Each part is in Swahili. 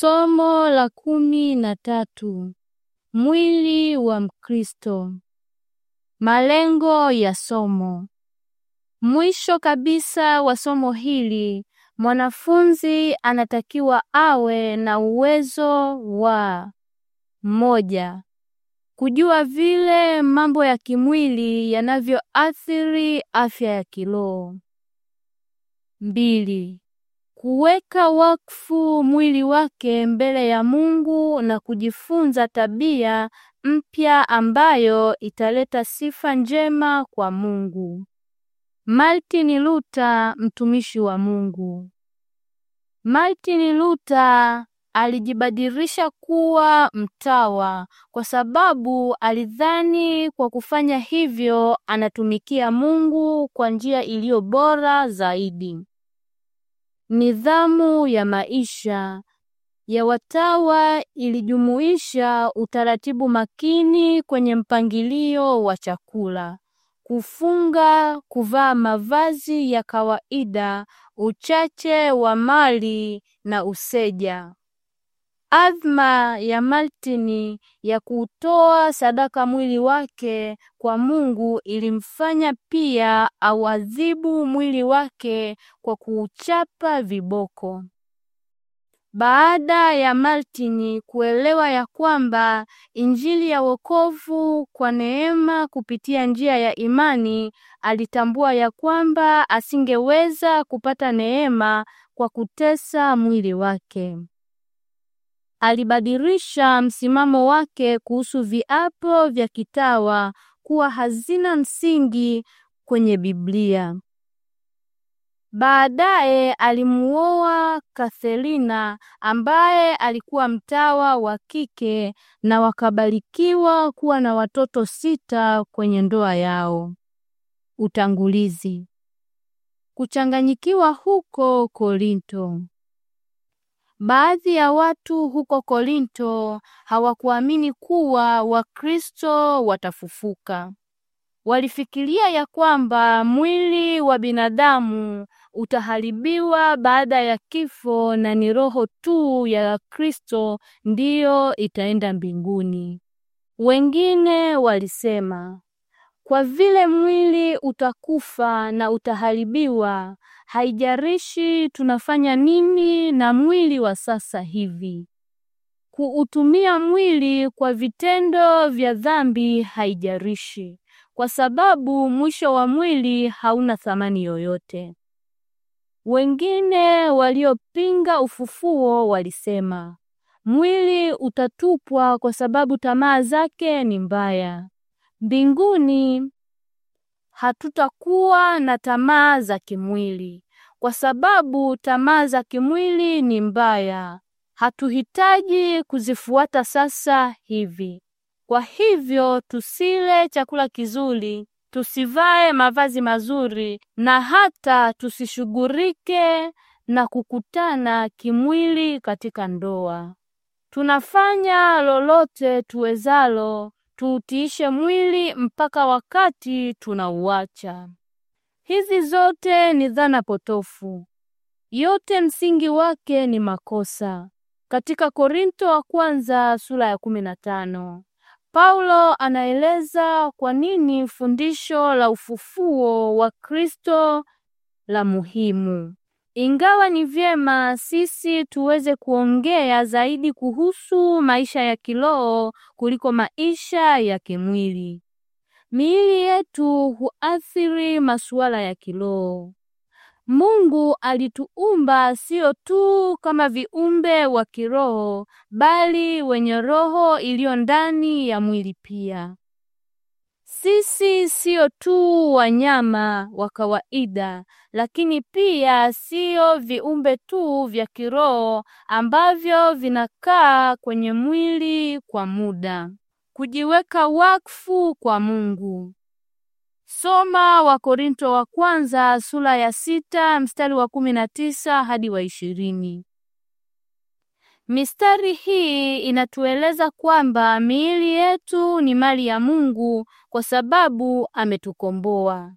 Somo la kumi na tatu: mwili wa Mkristo. Malengo ya somo. Mwisho kabisa wa somo hili, mwanafunzi anatakiwa awe na uwezo wa moja, kujua vile mambo ya kimwili yanavyoathiri afya ya kiroho; mbili, kuweka wakfu mwili wake mbele ya Mungu na kujifunza tabia mpya ambayo italeta sifa njema kwa Mungu. Martin Luther, mtumishi wa Mungu. Martin Luther alijibadilisha kuwa mtawa kwa sababu alidhani kwa kufanya hivyo anatumikia Mungu kwa njia iliyo bora zaidi. Nidhamu ya maisha ya watawa ilijumuisha utaratibu makini kwenye mpangilio wa chakula, kufunga, kuvaa mavazi ya kawaida, uchache wa mali na useja. Adhma ya maltini ya kuutoa sadaka mwili wake kwa Mungu ilimfanya pia awadhibu mwili wake kwa kuuchapa viboko. Baada ya maltini kuelewa ya kwamba Injili ya wokovu kwa neema kupitia njia ya imani, alitambua ya kwamba asingeweza kupata neema kwa kutesa mwili wake. Alibadilisha msimamo wake kuhusu viapo vya kitawa kuwa hazina msingi kwenye Biblia. Baadaye alimuoa Katherina ambaye alikuwa mtawa wa kike na wakabarikiwa kuwa na watoto sita kwenye ndoa yao. Utangulizi. Kuchanganyikiwa huko Korinto. Baadhi ya watu huko Korinto hawakuamini kuwa Wakristo watafufuka. Walifikiria ya kwamba mwili wa binadamu utaharibiwa baada ya kifo na ni roho tu ya Kristo ndiyo itaenda mbinguni. Wengine walisema, kwa vile mwili utakufa na utaharibiwa, haijarishi tunafanya nini na mwili wa sasa hivi. Kuutumia mwili kwa vitendo vya dhambi haijarishi, kwa sababu mwisho wa mwili hauna thamani yoyote. Wengine waliopinga ufufuo walisema mwili utatupwa kwa sababu tamaa zake ni mbaya. Mbinguni hatutakuwa na tamaa za kimwili, kwa sababu tamaa za kimwili ni mbaya. Hatuhitaji kuzifuata sasa hivi. Kwa hivyo tusile chakula kizuri, tusivae mavazi mazuri, na hata tusishughulike na kukutana kimwili katika ndoa. Tunafanya lolote tuwezalo tuutiishe mwili mpaka wakati tunauacha. Hizi zote ni dhana potofu, yote msingi wake ni makosa. Katika Korinto wa kwanza sura ya 15 Paulo anaeleza kwa nini fundisho la ufufuo wa Kristo la muhimu. Ingawa ni vyema sisi tuweze kuongea zaidi kuhusu maisha ya kiroho kuliko maisha ya kimwili. Miili yetu huathiri masuala ya kiroho. Mungu alituumba sio tu kama viumbe wa kiroho, bali wenye roho iliyo ndani ya mwili pia. Sisi sio tu wanyama wa kawaida, lakini pia sio viumbe tu vya kiroho ambavyo vinakaa kwenye mwili kwa muda. Kujiweka wakfu kwa Mungu. Soma Wakorinto wa kwanza sura ya sita mstari wa kumi na tisa hadi wa ishirini. Mistari hii inatueleza kwamba miili yetu ni mali ya Mungu kwa sababu ametukomboa.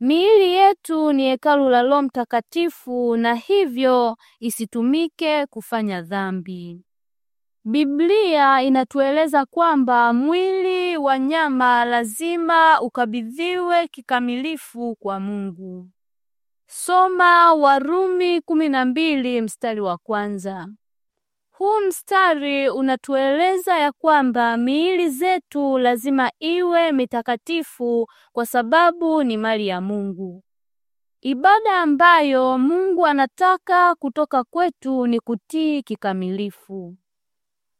Miili yetu ni hekalu la Roho Mtakatifu na hivyo isitumike kufanya dhambi. Biblia inatueleza kwamba mwili wa nyama lazima ukabidhiwe kikamilifu kwa Mungu. Soma Warumi 12 mstari wa kwanza. Huu mstari unatueleza ya kwamba miili zetu lazima iwe mitakatifu kwa sababu ni mali ya Mungu. Ibada ambayo Mungu anataka kutoka kwetu ni kutii kikamilifu.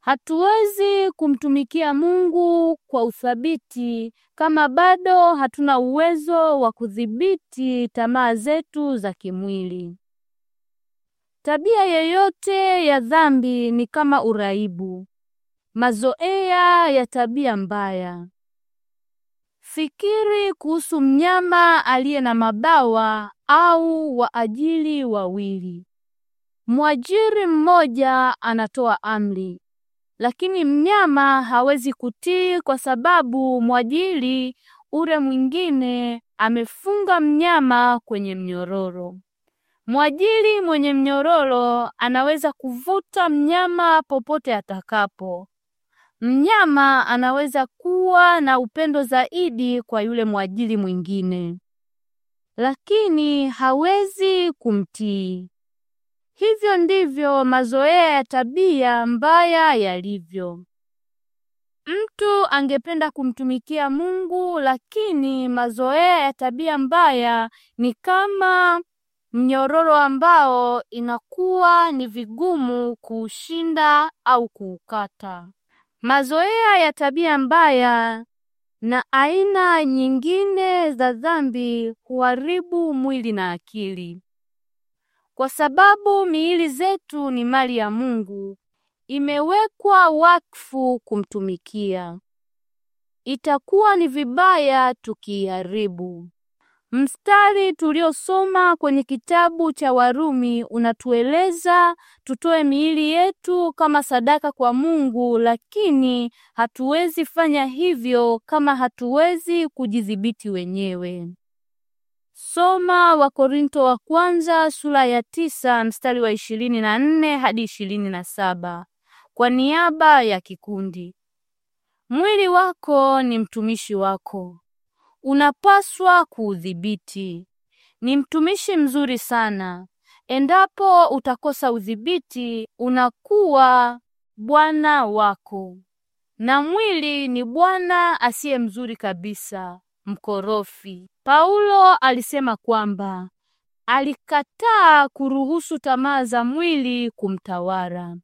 Hatuwezi kumtumikia Mungu kwa uthabiti kama bado hatuna uwezo wa kudhibiti tamaa zetu za kimwili. Tabia yoyote ya dhambi ni kama uraibu, mazoea ya tabia mbaya. Fikiri kuhusu mnyama aliye na mabawa au waajiri wawili. Mwajiri mmoja anatoa amri, lakini mnyama hawezi kutii kwa sababu mwajiri ule mwingine amefunga mnyama kwenye mnyororo. Mwajiri mwenye mnyororo anaweza kuvuta mnyama popote atakapo. Mnyama anaweza kuwa na upendo zaidi kwa yule mwajiri mwingine, lakini hawezi kumtii. Hivyo ndivyo mazoea ya tabia mbaya yalivyo. Mtu angependa kumtumikia Mungu, lakini mazoea ya tabia mbaya ni kama mnyororo ambao inakuwa ni vigumu kuushinda au kuukata. Mazoea ya tabia mbaya na aina nyingine za dhambi huharibu mwili na akili. Kwa sababu miili zetu ni mali ya Mungu, imewekwa wakfu kumtumikia. Itakuwa ni vibaya tukiiharibu. Mstari tuliosoma kwenye kitabu cha Warumi unatueleza tutoe miili yetu kama sadaka kwa Mungu, lakini hatuwezi fanya hivyo kama hatuwezi kujidhibiti wenyewe. Soma Wakorinto wa kwanza sura ya tisa mstari wa ishirini na nne hadi ishirini na saba kwa niaba ya kikundi. Mwili wako ni mtumishi wako unapaswa kuudhibiti. Ni mtumishi mzuri sana. Endapo utakosa udhibiti, unakuwa bwana wako, na mwili ni bwana asiye mzuri kabisa, mkorofi. Paulo alisema kwamba alikataa kuruhusu tamaa za mwili kumtawala.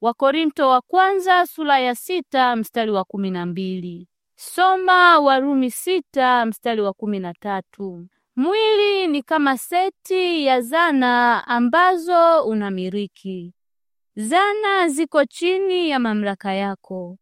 Wakorinto wa kwanza sura ya sita mstari wa kumi na mbili. Soma Warumi sita mstari wa kumi na tatu. Mwili ni kama seti ya zana ambazo unamiliki. Zana ziko chini ya mamlaka yako.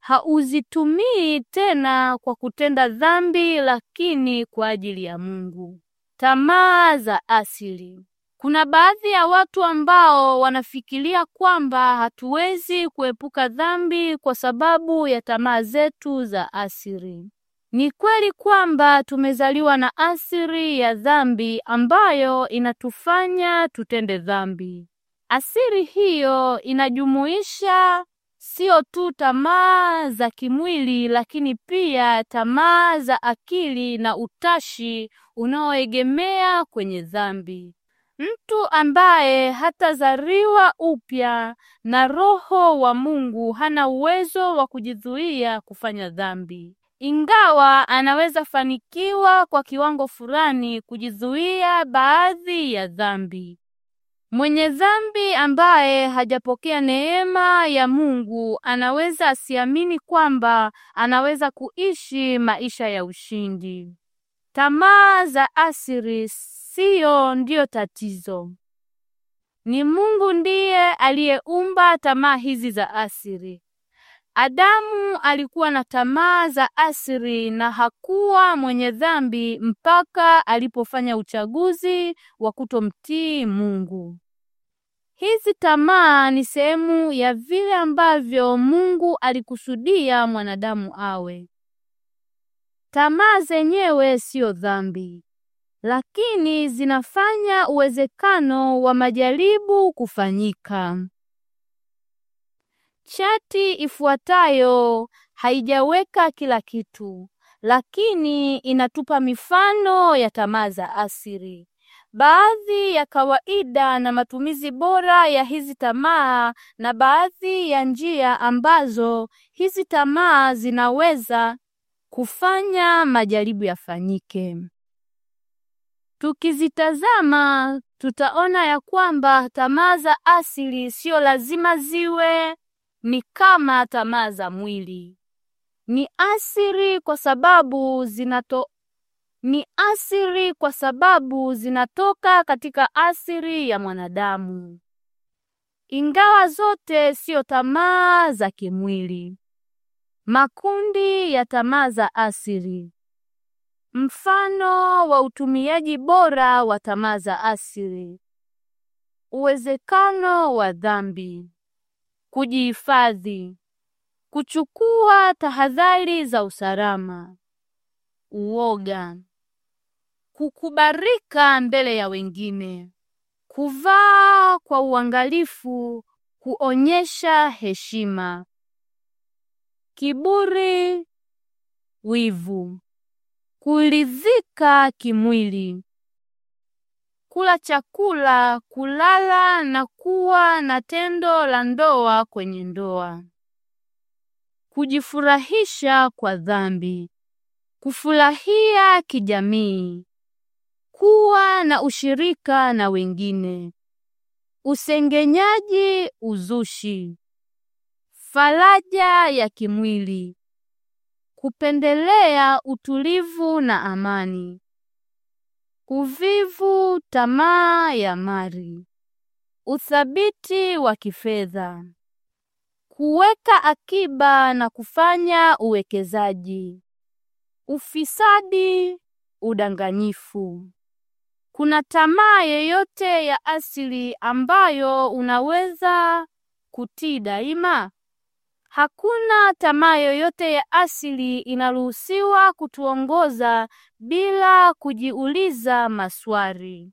Hauzitumii tena kwa kutenda dhambi, lakini kwa ajili ya Mungu. Tamaa za asili. Kuna baadhi ya watu ambao wanafikiria kwamba hatuwezi kuepuka dhambi kwa sababu ya tamaa zetu za asili. Ni kweli kwamba tumezaliwa na asili ya dhambi ambayo inatufanya tutende dhambi. Asili hiyo inajumuisha sio tu tamaa za kimwili, lakini pia tamaa za akili na utashi unaoegemea kwenye dhambi. Mtu ambaye hatazaliwa upya na Roho wa Mungu hana uwezo wa kujizuia kufanya dhambi, ingawa anaweza fanikiwa kwa kiwango fulani kujizuia baadhi ya dhambi. Mwenye dhambi ambaye hajapokea neema ya Mungu anaweza asiamini kwamba anaweza kuishi maisha ya ushindi. Tamaa za asili siyo ndiyo tatizo. Ni Mungu ndiye aliyeumba tamaa hizi za asiri Adamu alikuwa na tamaa za asiri na hakuwa mwenye dhambi mpaka alipofanya uchaguzi wa kutomtii Mungu. Hizi tamaa ni sehemu ya vile ambavyo Mungu alikusudia mwanadamu awe. Tamaa zenyewe siyo dhambi lakini zinafanya uwezekano wa majaribu kufanyika. Chati ifuatayo haijaweka kila kitu, lakini inatupa mifano ya tamaa za asili, baadhi ya kawaida na matumizi bora ya hizi tamaa, na baadhi ya njia ambazo hizi tamaa zinaweza kufanya majaribu yafanyike. Tukizitazama tutaona ya kwamba tamaa za asili sio lazima ziwe ni kama tamaa za mwili. Ni asili kwa sababu zinato ni asili kwa sababu zinatoka katika asili ya mwanadamu, ingawa zote sio tamaa za kimwili. Makundi ya tamaa za asili. Mfano wa utumiaji bora wa tamaa za asili. Uwezekano wa dhambi. Kujihifadhi. Kuchukua tahadhari za usalama. Uoga. Kukubarika mbele ya wengine. Kuvaa kwa uangalifu, kuonyesha heshima. Kiburi, wivu kulizika kimwili. Kula chakula, kulala na kuwa na tendo la ndoa kwenye ndoa. Kujifurahisha kwa dhambi. Kufurahia kijamii. Kuwa na ushirika na wengine. Usengenyaji, uzushi. Faraja ya kimwili kupendelea utulivu na amani, uvivu, tamaa ya mali, uthabiti wa kifedha, kuweka akiba na kufanya uwekezaji, ufisadi, udanganyifu. Kuna tamaa yeyote ya asili ambayo unaweza kutii daima? Hakuna tamaa yoyote ya asili inaruhusiwa kutuongoza bila kujiuliza maswali.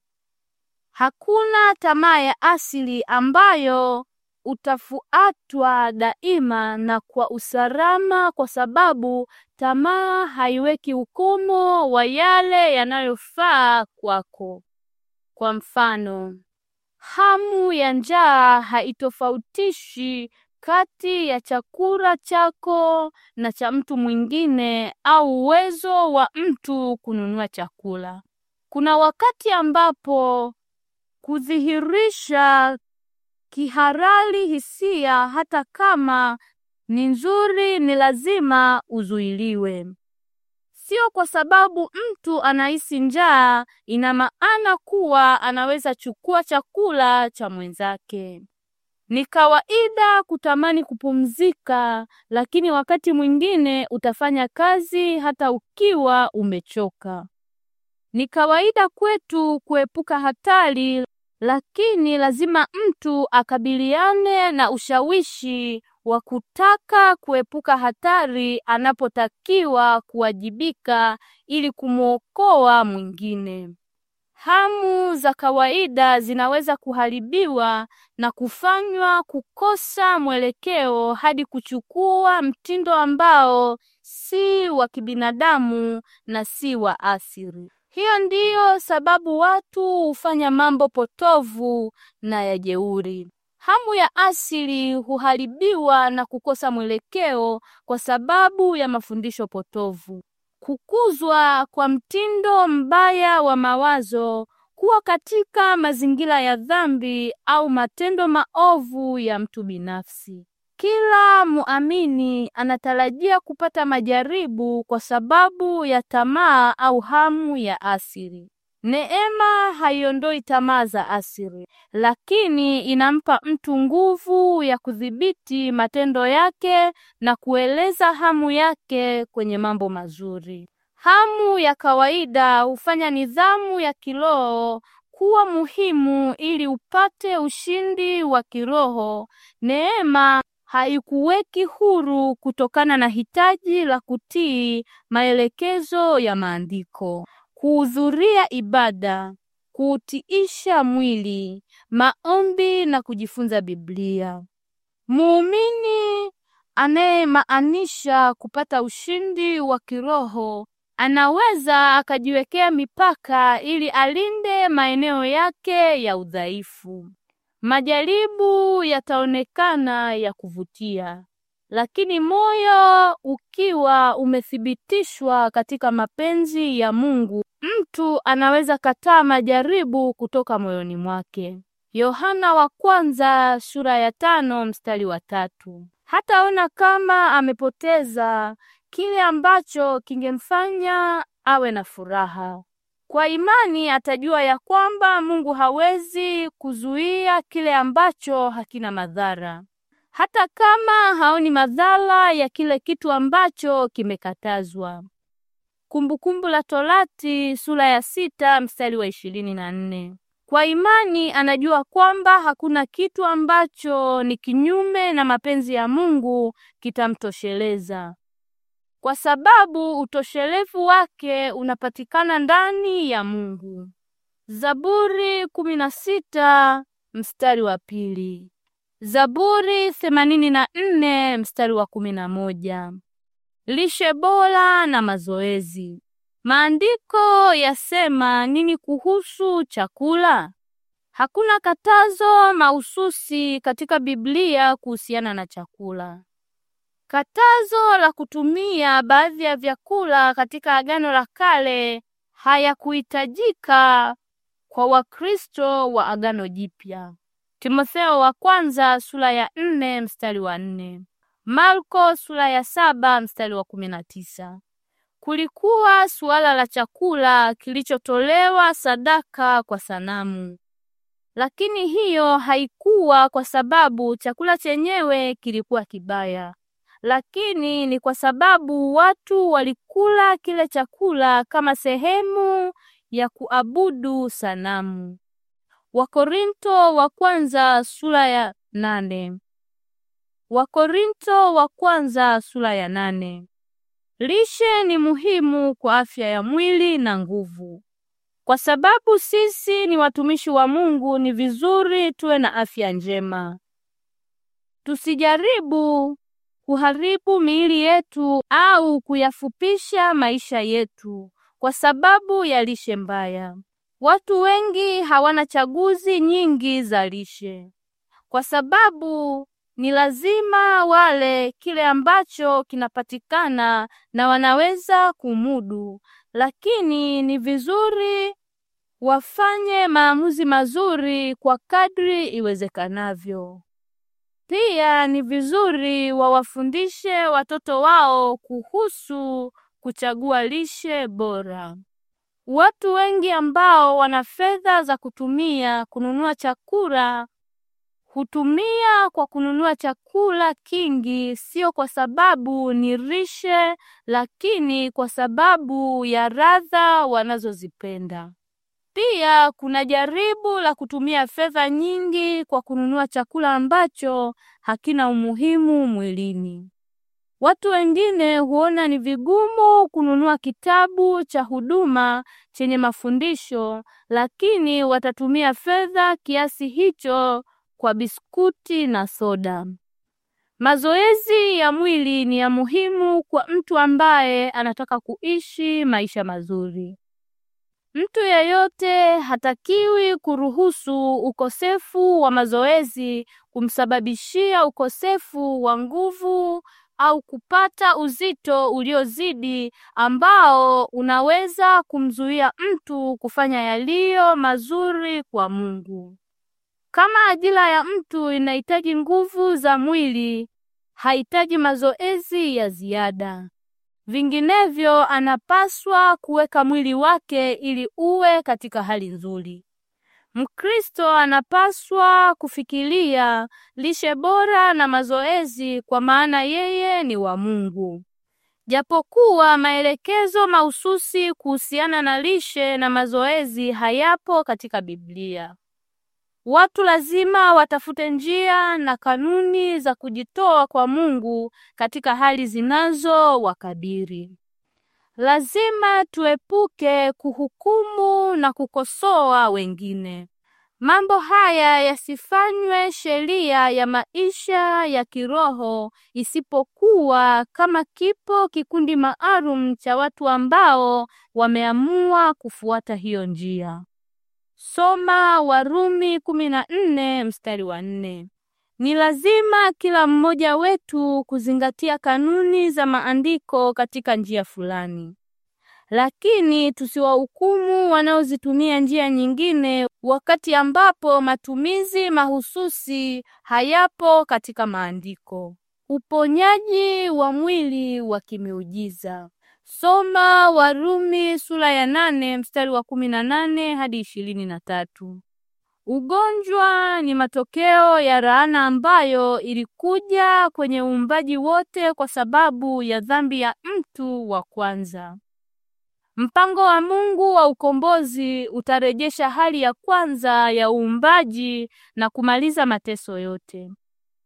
Hakuna tamaa ya asili ambayo utafuatwa daima na kwa usalama, kwa sababu tamaa haiweki ukomo wa yale yanayofaa kwako. Kwa mfano, hamu ya njaa haitofautishi kati ya chakula chako na cha mtu mwingine au uwezo wa mtu kununua chakula. Kuna wakati ambapo kudhihirisha kihalali hisia hata kama ni nzuri ni lazima uzuiliwe. Sio kwa sababu mtu anahisi njaa ina maana kuwa anaweza chukua chakula cha mwenzake. Ni kawaida kutamani kupumzika, lakini wakati mwingine utafanya kazi hata ukiwa umechoka. Ni kawaida kwetu kuepuka hatari, lakini lazima mtu akabiliane na ushawishi wa kutaka kuepuka hatari anapotakiwa kuwajibika ili kumwokoa mwingine hamu za kawaida zinaweza kuharibiwa na kufanywa kukosa mwelekeo hadi kuchukua mtindo ambao si wa kibinadamu na si wa asili. Hiyo ndiyo sababu watu hufanya mambo potovu na ya jeuri. Hamu ya asili huharibiwa na kukosa mwelekeo kwa sababu ya mafundisho potovu kukuzwa kwa mtindo mbaya wa mawazo, kuwa katika mazingira ya dhambi au matendo maovu ya mtu binafsi. Kila muamini anatarajia kupata majaribu kwa sababu ya tamaa au hamu ya asili. Neema haiondoi tamaa za asili, lakini inampa mtu nguvu ya kudhibiti matendo yake na kueleza hamu yake kwenye mambo mazuri. Hamu ya kawaida hufanya nidhamu ya kiroho kuwa muhimu ili upate ushindi wa kiroho. Neema haikuweki huru kutokana na hitaji la kutii maelekezo ya maandiko kuhudhuria ibada, kuutiisha mwili, maombi na kujifunza Biblia. Muumini anayemaanisha kupata ushindi wa kiroho anaweza akajiwekea mipaka ili alinde maeneo yake ya udhaifu. Majaribu yataonekana ya kuvutia, lakini moyo ukiwa umethibitishwa katika mapenzi ya Mungu, mtu anaweza kataa majaribu kutoka moyoni mwake. Yohana wa kwanza sura ya tano mstari wa tatu. Hataona kama amepoteza kile ambacho kingemfanya awe na furaha. Kwa imani atajua ya kwamba Mungu hawezi kuzuia kile ambacho hakina madhara hata kama haoni madhara ya kile kitu ambacho kimekatazwa. Kumbukumbu la Torati sura ya sita mstari wa ishirini na nne. Kwa imani anajua kwamba hakuna kitu ambacho ni kinyume na mapenzi ya Mungu kitamtosheleza, kwa sababu utoshelevu wake unapatikana ndani ya Mungu. Zaburi kumi na sita mstari wa pili. Zaburi themanini na nne mstari wa kumi na moja. Lishe bora na mazoezi. Maandiko yasema nini kuhusu chakula? Hakuna katazo mahususi katika Biblia kuhusiana na chakula. Katazo la kutumia baadhi ya vyakula katika Agano la Kale hayakuhitajika kwa Wakristo wa Agano Jipya. Timotheo wa kwanza sura ya nne mstari wa nne Marko sura ya saba mstari wa kumi na tisa Kulikuwa suala la chakula kilichotolewa sadaka kwa sanamu, lakini hiyo haikuwa kwa sababu chakula chenyewe kilikuwa kibaya, lakini ni kwa sababu watu walikula kile chakula kama sehemu ya kuabudu sanamu. Wakorinto wa kwanza sura ya nane. Wakorinto wa kwanza sura ya nane. Lishe ni muhimu kwa afya ya mwili na nguvu. Kwa sababu sisi ni watumishi wa Mungu, ni vizuri tuwe na afya njema. Tusijaribu kuharibu miili yetu au kuyafupisha maisha yetu kwa sababu ya lishe mbaya. Watu wengi hawana chaguzi nyingi za lishe kwa sababu ni lazima wale kile ambacho kinapatikana na wanaweza kumudu, lakini ni vizuri wafanye maamuzi mazuri kwa kadri iwezekanavyo. Pia ni vizuri wawafundishe watoto wao kuhusu kuchagua lishe bora. Watu wengi ambao wana fedha za kutumia kununua chakula hutumia kwa kununua chakula kingi, sio kwa sababu ni rishe, lakini kwa sababu ya radha wanazozipenda. Pia kuna jaribu la kutumia fedha nyingi kwa kununua chakula ambacho hakina umuhimu mwilini. Watu wengine huona ni vigumu kununua kitabu cha huduma chenye mafundisho, lakini watatumia fedha kiasi hicho kwa biskuti na soda. Mazoezi ya mwili ni ya muhimu kwa mtu ambaye anataka kuishi maisha mazuri. Mtu yeyote hatakiwi kuruhusu ukosefu wa mazoezi kumsababishia ukosefu wa nguvu au kupata uzito uliozidi ambao unaweza kumzuia mtu kufanya yaliyo mazuri kwa Mungu. Kama ajira ya mtu inahitaji nguvu za mwili, hahitaji mazoezi ya ziada. Vinginevyo anapaswa kuweka mwili wake ili uwe katika hali nzuri. Mkristo anapaswa kufikiria lishe bora na mazoezi kwa maana yeye ni wa Mungu. Japokuwa maelekezo mahususi kuhusiana na lishe na mazoezi hayapo katika Biblia. Watu lazima watafute njia na kanuni za kujitoa kwa Mungu katika hali zinazo wakabiri. Lazima tuepuke kuhukumu na kukosoa wengine. Mambo haya yasifanywe sheria ya maisha ya kiroho isipokuwa kama kipo kikundi maalum cha watu ambao wameamua kufuata hiyo njia. Soma Warumi 14 mstari wa 4. Ni lazima kila mmoja wetu kuzingatia kanuni za maandiko katika njia fulani, lakini tusiwahukumu wanaozitumia njia nyingine wakati ambapo matumizi mahususi hayapo katika maandiko. Uponyaji wa mwili wa kimiujiza. Soma Warumi sura ya nane mstari wa kumi na nane hadi ishirini na tatu. Ugonjwa ni matokeo ya laana ambayo ilikuja kwenye uumbaji wote kwa sababu ya dhambi ya mtu wa kwanza. Mpango wa Mungu wa ukombozi utarejesha hali ya kwanza ya uumbaji na kumaliza mateso yote.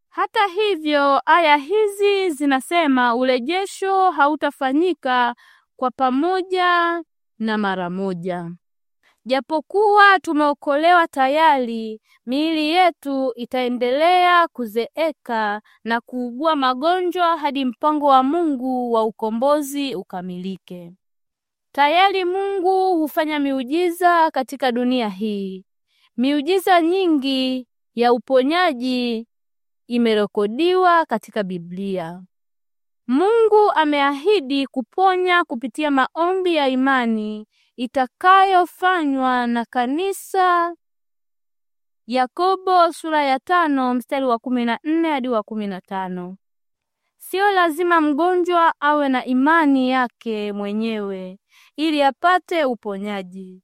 Hata hivyo, aya hizi zinasema urejesho hautafanyika kwa pamoja na mara moja. Japokuwa tumeokolewa tayari, miili yetu itaendelea kuzeeka na kuugua magonjwa hadi mpango wa Mungu wa ukombozi ukamilike. Tayari Mungu hufanya miujiza katika dunia hii. Miujiza nyingi ya uponyaji imerekodiwa katika Biblia. Mungu ameahidi kuponya kupitia maombi ya imani itakayofanywa na kanisa. Yakobo sura ya tano mstari wa kumi na nne hadi wa kumi na tano. Sio lazima mgonjwa awe na imani yake mwenyewe ili apate uponyaji.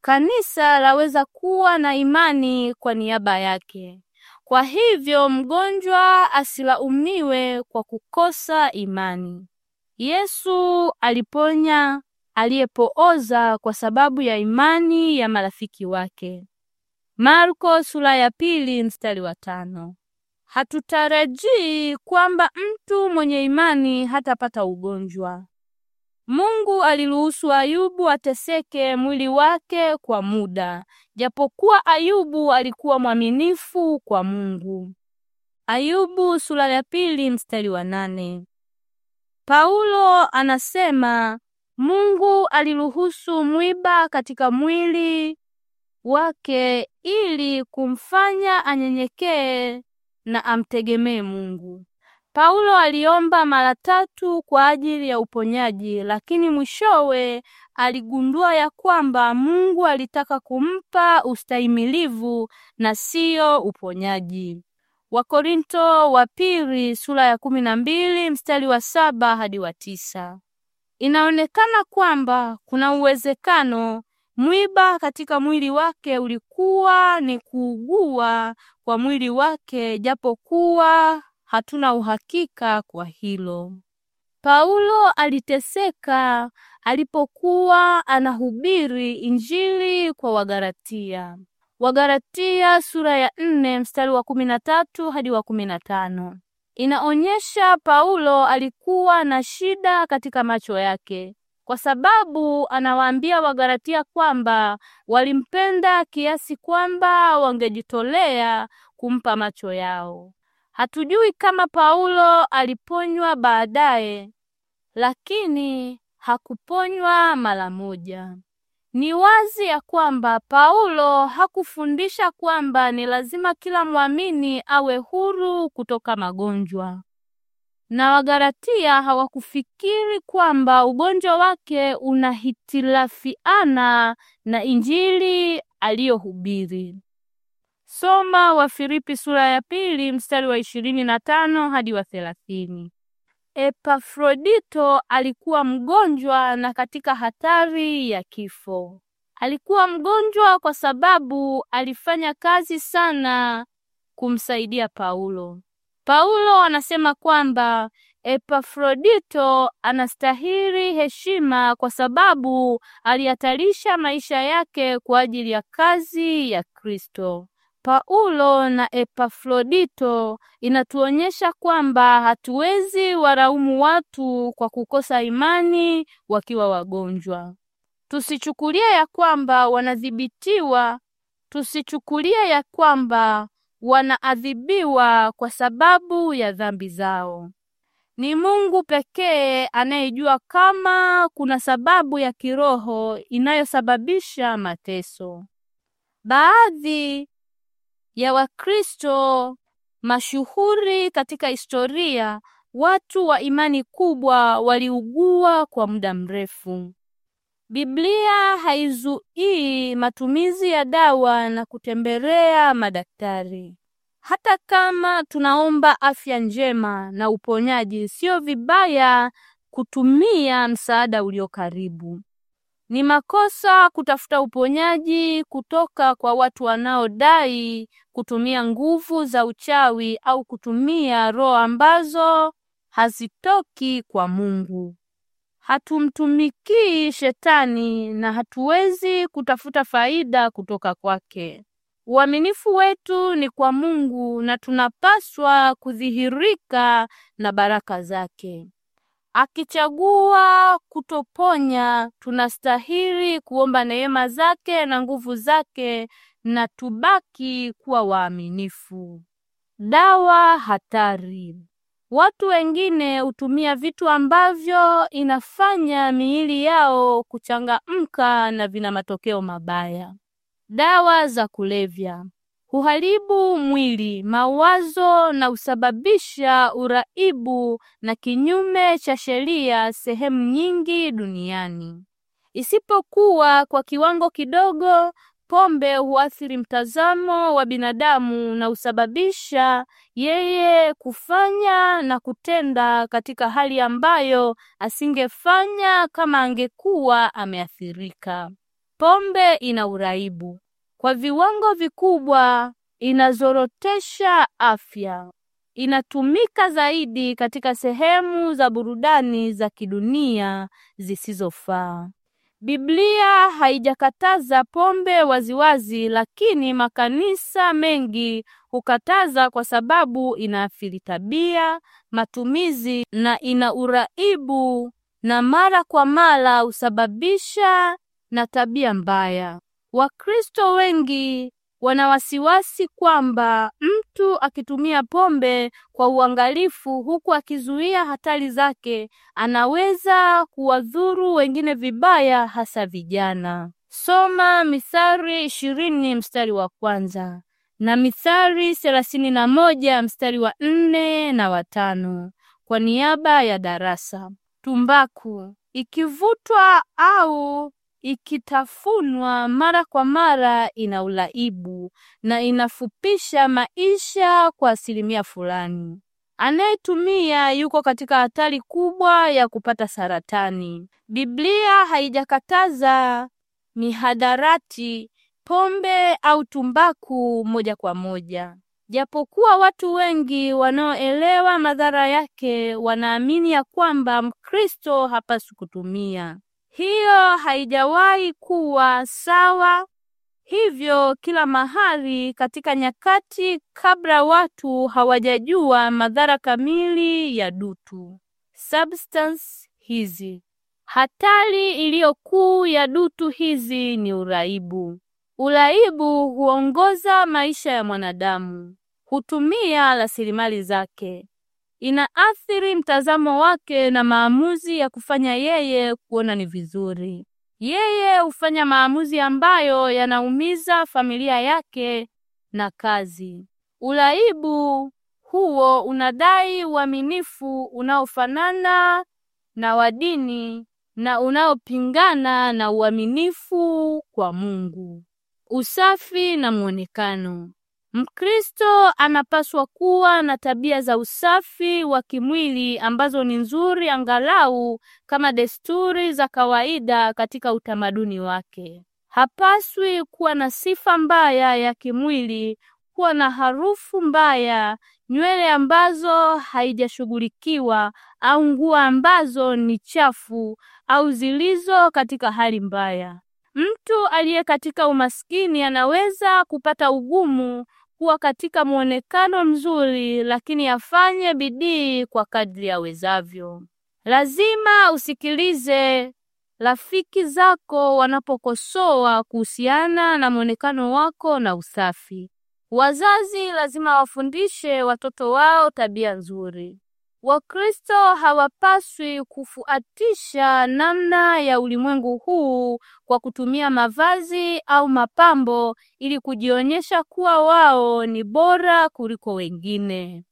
Kanisa laweza kuwa na imani kwa niaba yake. Kwa hivyo mgonjwa asilaumiwe kwa kukosa imani. Yesu aliponya aliyepooza kwa sababu ya imani ya marafiki wake. Marko sura ya pili mstari wa tano. Hatutarajii kwamba mtu mwenye imani hatapata ugonjwa. Mungu aliruhusu Ayubu ateseke mwili wake kwa muda, japokuwa Ayubu alikuwa mwaminifu kwa Mungu. Ayubu sura ya pili mstari wa nane. Paulo anasema Mungu aliruhusu mwiba katika mwili wake ili kumfanya anyenyekee na amtegemee Mungu. Paulo aliomba mara tatu kwa ajili ya uponyaji, lakini mwishowe aligundua ya kwamba Mungu alitaka kumpa ustahimilivu na siyo uponyaji. Wakorinto wa pili sura ya kumi na mbili mstari wa saba hadi wa tisa. Inaonekana kwamba kuna uwezekano mwiba katika mwili wake ulikuwa ni kuugua kwa mwili wake, japokuwa hatuna uhakika kwa hilo. Paulo aliteseka alipokuwa anahubiri Injili kwa Wagalatia. Wagalatia sura ya nne mstari wa kumi na tatu hadi wa kumi na tano. Inaonyesha Paulo alikuwa na shida katika macho yake kwa sababu anawaambia Wagalatia kwamba walimpenda kiasi kwamba wangejitolea kumpa macho yao. Hatujui kama Paulo aliponywa baadaye, lakini hakuponywa mara moja. Ni wazi ya kwamba Paulo hakufundisha kwamba ni lazima kila mwamini awe huru kutoka magonjwa. Na Wagalatia hawakufikiri kwamba ugonjwa wake unahitilafiana na Injili aliyohubiri. Soma Wafilipi sura ya pili mstari wa ishirini na tano hadi wa thelathini. Epafrodito alikuwa mgonjwa na katika hatari ya kifo. Alikuwa mgonjwa kwa sababu alifanya kazi sana kumsaidia Paulo. Paulo anasema kwamba Epafrodito anastahili heshima kwa sababu alihatarisha maisha yake kwa ajili ya kazi ya Kristo. Paulo na Epafrodito inatuonyesha kwamba hatuwezi waraumu watu kwa kukosa imani wakiwa wagonjwa. Tusichukulie ya kwamba wanadhibitiwa, tusichukulie ya kwamba wanaadhibiwa kwa sababu ya dhambi zao. Ni Mungu pekee anayejua kama kuna sababu ya kiroho inayosababisha mateso. Baadhi ya Wakristo mashuhuri katika historia, watu wa imani kubwa waliugua kwa muda mrefu. Biblia haizuii matumizi ya dawa na kutembelea madaktari. Hata kama tunaomba afya njema na uponyaji, sio vibaya kutumia msaada ulio karibu. Ni makosa kutafuta uponyaji kutoka kwa watu wanaodai kutumia nguvu za uchawi au kutumia roho ambazo hazitoki kwa Mungu. Hatumtumikii shetani na hatuwezi kutafuta faida kutoka kwake. Uaminifu wetu ni kwa Mungu na tunapaswa kudhihirika na baraka zake. Akichagua kutoponya, tunastahili kuomba neema zake na nguvu zake na tubaki kuwa waaminifu. Dawa hatari. Watu wengine hutumia vitu ambavyo inafanya miili yao kuchangamka na vina matokeo mabaya. Dawa za kulevya huharibu mwili, mawazo na husababisha uraibu na kinyume cha sheria sehemu nyingi duniani. Isipokuwa kwa kiwango kidogo, pombe huathiri mtazamo wa binadamu na husababisha yeye kufanya na kutenda katika hali ambayo asingefanya kama angekuwa ameathirika. Pombe ina uraibu kwa viwango vikubwa inazorotesha afya. Inatumika zaidi katika sehemu za burudani za kidunia zisizofaa. Biblia haijakataza pombe waziwazi, lakini makanisa mengi hukataza kwa sababu inaathiri tabia, matumizi na ina uraibu na mara kwa mara husababisha na tabia mbaya. Wakristo wengi wana wasiwasi kwamba mtu akitumia pombe kwa uangalifu huku akizuia hatari zake anaweza kuwadhuru wengine vibaya hasa vijana. Soma Mithali ishirini mstari wa kwanza na Mithali thelathini na moja mstari wa nne na watano kwa niaba ya darasa. Tumbaku ikivutwa au ikitafunwa mara kwa mara ina ulaibu na inafupisha maisha kwa asilimia fulani. Anayetumia yuko katika hatari kubwa ya kupata saratani. Biblia haijakataza mihadarati, pombe au tumbaku moja kwa moja, japokuwa watu wengi wanaoelewa madhara yake wanaamini ya kwamba Mkristo hapaswi kutumia. Hiyo haijawahi kuwa sawa hivyo kila mahali katika nyakati kabla watu hawajajua madhara kamili ya dutu. Substance hizi. Hatari iliyokuu ya dutu hizi ni uraibu. Uraibu huongoza maisha ya mwanadamu, hutumia rasilimali zake, inaathiri mtazamo wake na maamuzi ya kufanya yeye kuona ni vizuri. Yeye hufanya maamuzi ambayo yanaumiza familia yake na kazi. Uraibu huo unadai uaminifu unaofanana na wa dini na unaopingana na uaminifu kwa Mungu. Usafi na mwonekano. Mkristo anapaswa kuwa na tabia za usafi wa kimwili ambazo ni nzuri angalau kama desturi za kawaida katika utamaduni wake. Hapaswi kuwa na sifa mbaya ya kimwili, kuwa na harufu mbaya, nywele ambazo haijashughulikiwa au nguo ambazo ni chafu au zilizo katika hali mbaya. Mtu aliye katika umaskini anaweza kupata ugumu kuwa katika mwonekano mzuri, lakini afanye bidii kwa kadri awezavyo. Lazima usikilize rafiki zako wanapokosoa kuhusiana na mwonekano wako na usafi. Wazazi lazima wafundishe watoto wao tabia nzuri. Wakristo hawapaswi kufuatisha namna ya ulimwengu huu kwa kutumia mavazi au mapambo ili kujionyesha kuwa wao ni bora kuliko wengine.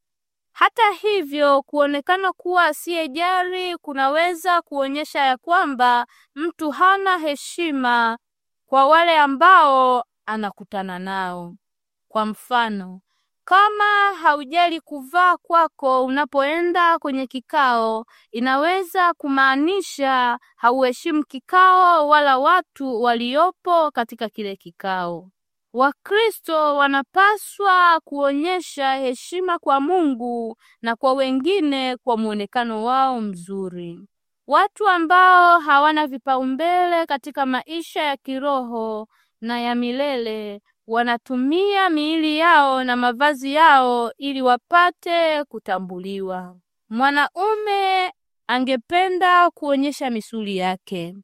Hata hivyo, kuonekana kuwa asiyejali kunaweza kuonyesha ya kwamba mtu hana heshima kwa wale ambao anakutana nao. Kwa mfano, kama haujali kuvaa kwako unapoenda kwenye kikao, inaweza kumaanisha hauheshimu kikao wala watu waliopo katika kile kikao. Wakristo wanapaswa kuonyesha heshima kwa Mungu na kwa wengine kwa mwonekano wao mzuri. Watu ambao hawana vipaumbele katika maisha ya kiroho na ya milele wanatumia miili yao na mavazi yao ili wapate kutambuliwa. Mwanaume angependa kuonyesha misuli yake,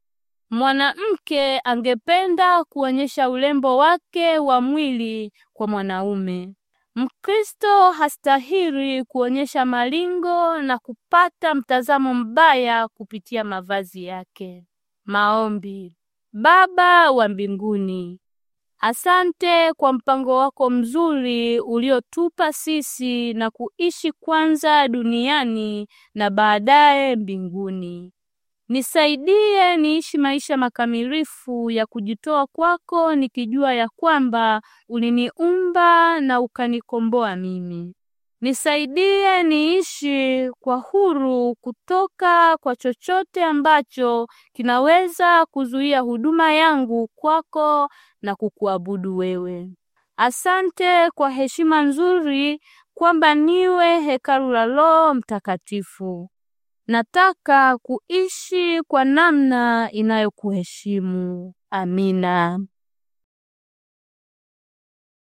mwanamke angependa kuonyesha urembo wake wa mwili kwa mwanaume. Mkristo hastahili kuonyesha malingo na kupata mtazamo mbaya kupitia mavazi yake. Maombi. Baba wa mbinguni, Asante kwa mpango wako mzuri uliotupa sisi na kuishi kwanza duniani na baadaye mbinguni. Nisaidie niishi maisha makamilifu ya kujitoa kwako nikijua ya kwamba uliniumba na ukanikomboa mimi. Nisaidie niishi kwa huru kutoka kwa chochote ambacho kinaweza kuzuia huduma yangu kwako na kukuabudu wewe. Asante kwa heshima nzuri kwamba niwe hekalu la Roho Mtakatifu. Nataka kuishi kwa namna inayokuheshimu. Amina.